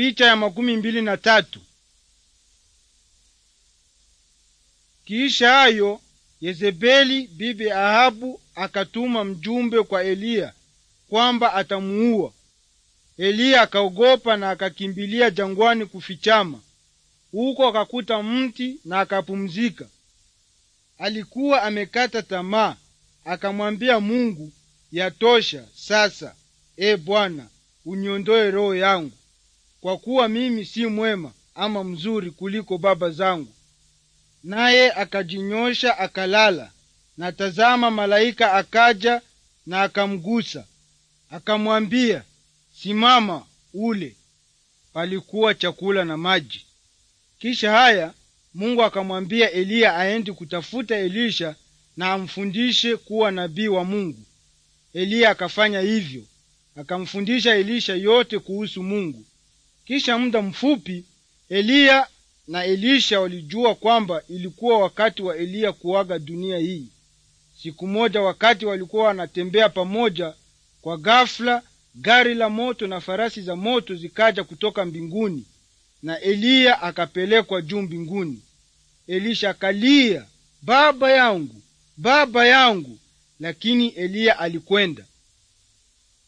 Picha ya makumi mbili na tatu. Kisha hayo Yezebeli bibi Ahabu akatuma mjumbe kwa Eliya kwamba atamuua. Eliya akaogopa na akakimbilia jangwani kufichama. Huko akakuta mti na akapumzika. Alikuwa amekata tamaa, akamwambia Mungu, yatosha sasa, e Bwana, uniondoe roho yangu kwa kuwa mimi si mwema ama mzuri kuliko baba zangu. Naye akajinyosha akalala, na tazama, malaika akaja na akamgusa, akamwambia, simama ule. Palikuwa chakula na maji. Kisha haya Mungu akamwambia Eliya aende kutafuta Elisha na amfundishe kuwa nabii wa Mungu. Eliya akafanya hivyo, akamfundisha Elisha yote kuhusu Mungu. Kisha muda mfupi, Eliya na Elisha walijua kwamba ilikuwa wakati wa Eliya kuaga dunia hii. Siku moja, wakati walikuwa wanatembea pamoja, kwa ghafla gari la moto na farasi za moto zikaja kutoka mbinguni, na Eliya akapelekwa juu mbinguni. Elisha akalia, baba yangu, baba yangu! Lakini Eliya alikwenda